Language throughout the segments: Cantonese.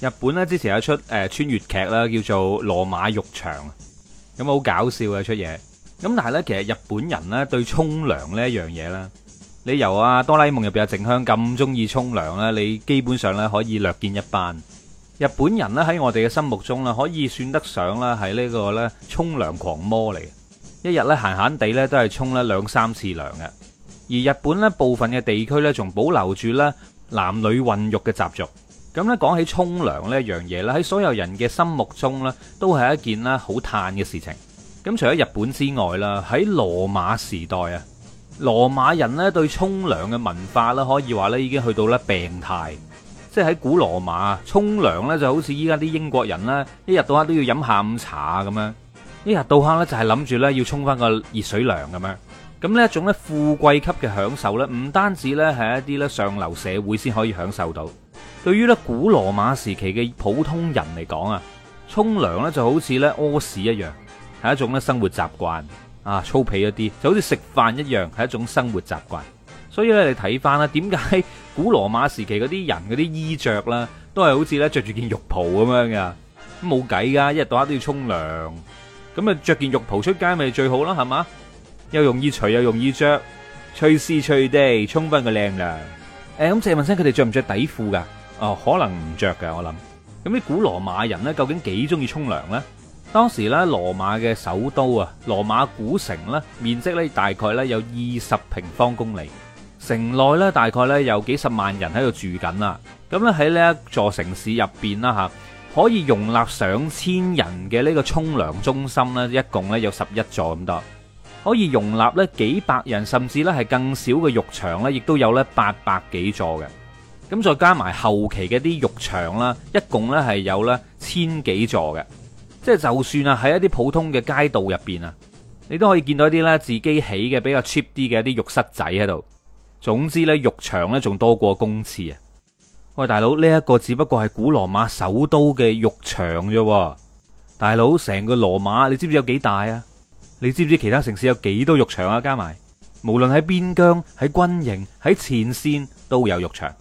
日本咧之前有一出誒穿越劇啦，叫做《羅馬浴場》，咁好搞笑嘅出嘢。咁但係咧，其實日本人咧對沖涼呢一樣嘢咧，你由阿哆啦 A 夢入邊阿靜香咁中意沖涼啦，你基本上咧可以略見一斑。日本人咧喺我哋嘅心目中咧，可以算得上啦係呢個咧沖涼狂魔嚟嘅，一日咧閒閒地咧都係沖咧兩三次涼嘅。而日本咧部分嘅地區咧，仲保留住咧男女混浴嘅習俗。咁咧，講起沖涼呢樣嘢咧，喺所有人嘅心目中咧，都係一件咧好嘆嘅事情。咁除咗日本之外啦，喺羅馬時代啊，羅馬人咧對沖涼嘅文化咧，可以話咧已經去到咧病態，即係喺古羅馬啊，沖涼咧就好似依家啲英國人啦，一日到黑都要飲下午茶咁樣，一日到黑咧就係諗住咧要沖返個熱水涼咁樣。咁咧一種咧富貴級嘅享受咧，唔單止咧係一啲咧上流社會先可以享受到。對於咧古羅馬時期嘅普通人嚟講啊，沖涼咧就好似咧屙屎一樣，係一種咧生活習慣啊，粗鄙一啲就好似食飯一樣，係一種生活習慣。所以咧，你睇翻啦，點解古羅馬時期嗰啲人嗰啲衣着啦，都係好似咧着住件浴袍咁樣噶，冇計噶，一日到黑都要沖涼，咁啊着件浴袍出街咪最好啦，係嘛，又容易除又容易着，隨時隨地沖翻個靚涼。誒，咁借問聲佢哋着唔着底褲噶？哦，可能唔着嘅，我諗。咁啲古羅馬人呢，究竟幾中意沖涼呢？當時呢，羅馬嘅首都啊，羅馬古城呢，面積呢大概呢有二十平方公里，城內呢，大概呢有幾十萬人喺度住緊啦。咁咧喺呢一座城市入邊啦吓，可以容納上千人嘅呢個沖涼中心呢，一共呢有十一座咁多，可以容納呢幾百人，甚至呢係更少嘅浴場呢，亦都有呢八百幾座嘅。咁再加埋後期嘅啲浴場啦，一共呢係有咧千幾座嘅，即係就算啊喺一啲普通嘅街道入邊啊，你都可以見到一啲呢自己起嘅比較 cheap 啲嘅一啲浴室仔喺度。總之呢，浴場呢仲多過公廁啊！喂，大佬，呢一個只不過係古羅馬首都嘅浴場啫。大佬，成個羅馬，你知唔知有幾大啊？你知唔知其他城市有幾多浴場啊？加埋無論喺邊疆、喺軍營、喺前線都有浴場。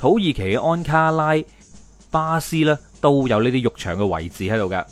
土耳其嘅安卡拉、巴斯咧都有呢啲浴場嘅位置喺度㗎，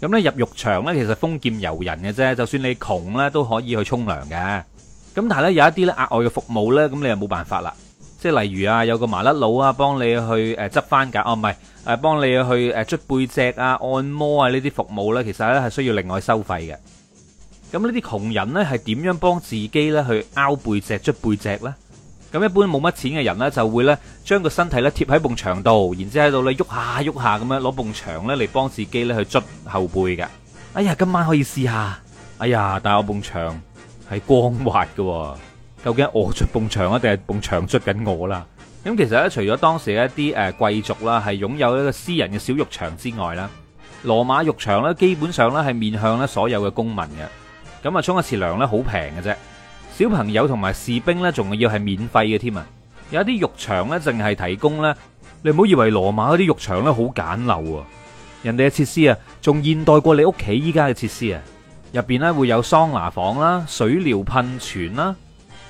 咁咧入浴場咧其實豐儉由人嘅啫，就算你窮咧都可以去沖涼嘅，咁但係咧有一啲咧額外嘅服務咧，咁你又冇辦法啦，即係例如啊有個麻甩佬啊幫你去誒執返㗎，哦唔係誒幫你去誒捽背脊啊按摩啊呢啲服務咧，其實咧係需要另外收費嘅。咁呢啲窮人咧係點樣幫自己咧去拗背脊捽背脊咧？咁一般冇乜錢嘅人呢，就會呢將個身體呢貼喺埲牆度，然之後喺度呢喐下喐下咁樣攞埲牆呢嚟幫自己呢去捽後背嘅。哎呀，今晚可以試下。哎呀，但我埲牆係光滑嘅，究竟我捽埲牆啊，定係埲牆捽緊我啦？咁其實呢，除咗當時一啲誒貴族啦，係擁有一個私人嘅小浴場之外啦，羅馬浴場呢基本上呢係面向呢所有嘅公民嘅。咁啊，沖一次涼呢，好平嘅啫。小朋友同埋士兵呢，仲要係免費嘅添啊！有一啲浴場呢，淨係提供呢，你唔好以為羅馬嗰啲浴場呢好簡陋啊！人哋嘅設施啊，仲現代過你屋企依家嘅設施啊！入邊呢會有桑拿房啦、水療噴泉啦、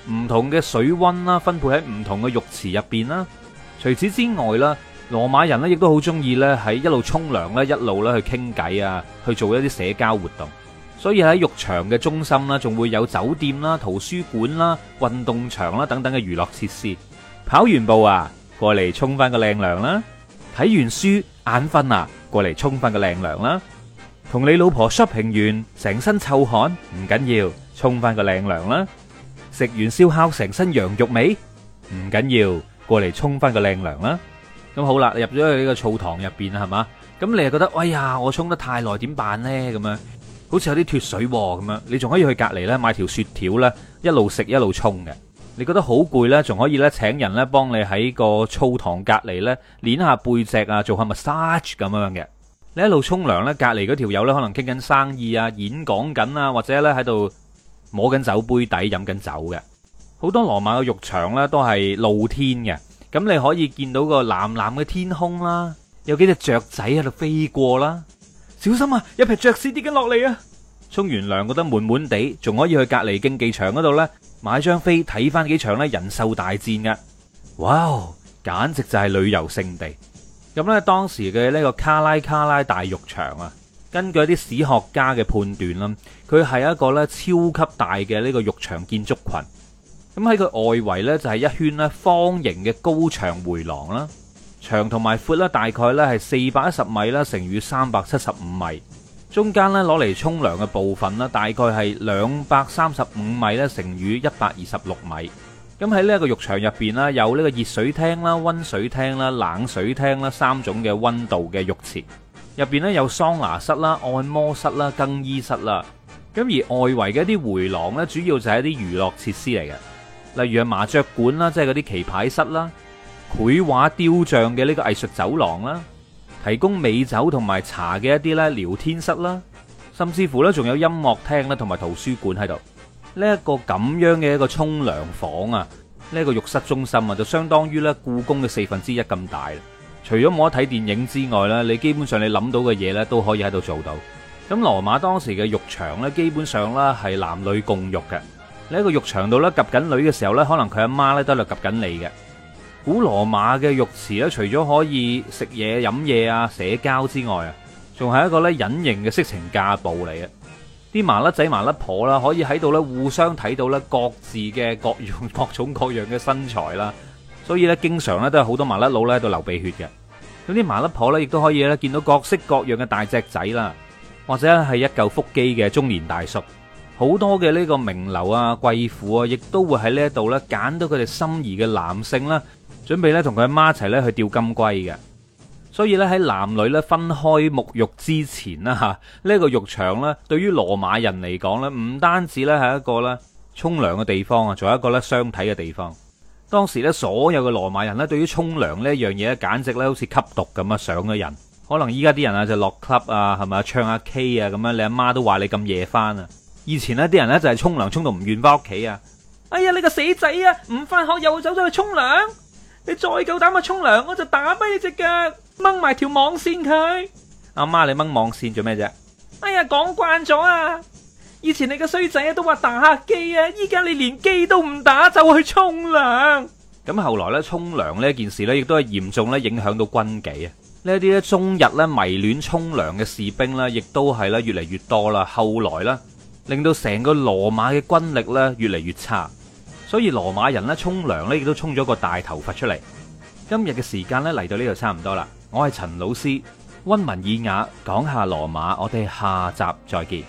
唔同嘅水溫啦，分配喺唔同嘅浴池入邊啦。除此之外啦，羅馬人呢亦都好中意呢喺一路沖涼咧，一路咧去傾偈啊，去做一啲社交活動。所以喺浴場嘅中心啦，仲會有酒店啦、圖書館啦、運動場啦等等嘅娛樂設施。跑完步啊，過嚟沖翻個靚涼啦；睇完書眼瞓啊，過嚟沖翻個靚涼啦；同你老婆 shopping 完，成身臭汗，唔緊要，沖翻個靚涼啦；食完燒烤，成身羊肉味，唔緊要，過嚟沖翻個靚涼啦。咁好啦，入咗去呢個澡堂入邊係嘛？咁你又覺得，哎呀，我沖得太耐，點辦呢？咁樣。好似有啲脱水喎咁樣，你仲可以去隔離咧買條雪條呢，一路食一路沖嘅。你覺得好攰呢，仲可以呢，請人呢幫你喺個澡堂隔離呢，捏下背脊啊，做下 massage 咁樣嘅。你一路沖涼呢，隔離嗰條友呢，可能傾緊生意啊、演講緊啊，或者呢喺度摸緊酒杯底飲緊酒嘅。好多羅馬嘅浴場呢，都係露天嘅，咁你可以見到個藍藍嘅天空啦，有幾隻雀仔喺度飛過啦。小心啊！一匹着屎跌緊落嚟啊！沖完涼覺得悶悶地，仲可以去隔離競技場嗰度呢，買張飛睇翻幾場呢人獸大戰嘅，哇哦，簡直就係旅遊勝地。咁、嗯、呢，當時嘅呢個卡拉卡拉大浴場啊，根據啲史學家嘅判斷啦，佢係一個呢超級大嘅呢個浴場建築群。咁喺佢外圍呢，就係一圈呢方形嘅高牆回廊啦。長同埋闊咧，大概咧係四百一十米啦，乘以三百七十五米。中間咧攞嚟沖涼嘅部分啦，大概係兩百三十五米咧，乘以一百二十六米。咁喺呢一個浴場入邊啦，有呢個熱水廳啦、溫水廳啦、冷水廳啦三種嘅溫度嘅浴池。入邊咧有桑拿室啦、按摩室啦、更衣室啦。咁而外圍嘅啲回廊咧，主要就係一啲娛樂設施嚟嘅，例如麻雀館啦，即係嗰啲棋牌室啦。繪畫雕像嘅呢個藝術走廊啦，提供美酒同埋茶嘅一啲咧聊天室啦，甚至乎咧仲有音樂廳啦同埋圖書館喺度。呢一個咁樣嘅一個沖涼房啊，呢一個浴室中心啊，就相當於咧故宮嘅四分之一咁大。除咗冇得睇電影之外呢，你基本上你諗到嘅嘢，咧都可以喺度做到。咁羅馬當時嘅浴場呢，基本上咧係男女共浴嘅。呢個浴場度呢，𥄫 緊女嘅時候呢，可能佢阿媽呢，都係 𥄫 緊你嘅。古羅馬嘅浴池咧，除咗可以食嘢飲嘢啊、社交之外啊，仲係一個咧隱形嘅色情架步嚟嘅。啲麻甩仔麻甩婆啦，可以喺度咧互相睇到咧各自嘅各樣、各種各樣嘅身材啦。所以咧，經常咧都係好多麻甩佬咧喺度流鼻血嘅。咁啲麻甩婆咧，亦都可以咧見到各式各樣嘅大隻仔啦，或者係一嚿腹肌嘅中年大叔。好多嘅呢個名流啊、貴婦啊，亦都會喺呢一度咧揀到佢哋心儀嘅男性啦。準備咧，同佢阿媽一齊咧去釣金龜嘅。所以咧，喺男女咧分開沐浴之前啦，吓呢個浴場咧，對於羅馬人嚟講咧，唔單止咧係一個咧沖涼嘅地方啊，仲有一個咧相睇嘅地方。當時咧，所有嘅羅馬人咧，對於沖涼呢一樣嘢咧，簡直咧好似吸毒咁啊！上咗癮，可能依家啲人啊就落 club 啊，係嘛，唱下 K 啊咁樣。你阿媽都話你咁夜翻啊。以前呢啲人咧就係沖涼沖到唔願翻屋企啊。哎呀，你個死仔啊，唔翻學又走咗去沖涼。你再夠膽去沖涼，我就打跛你隻腳，掹埋條網線佢。阿媽，你掹網線做咩啫？哎呀，講慣咗啊！以前你個衰仔都話打機啊，依家你連機都唔打就去沖涼。咁後來呢，沖涼呢件事呢，亦都係嚴重咧影響到軍紀啊！呢啲咧，終日咧迷戀沖涼嘅士兵呢，亦都係咧越嚟越多啦。後來呢，令到成個羅馬嘅軍力咧越嚟越差。所以羅馬人呢，沖涼呢，亦都沖咗個大頭髮出嚟。今日嘅時間呢，嚟到呢度差唔多啦。我係陳老師，溫文爾雅，講下羅馬，我哋下集再見。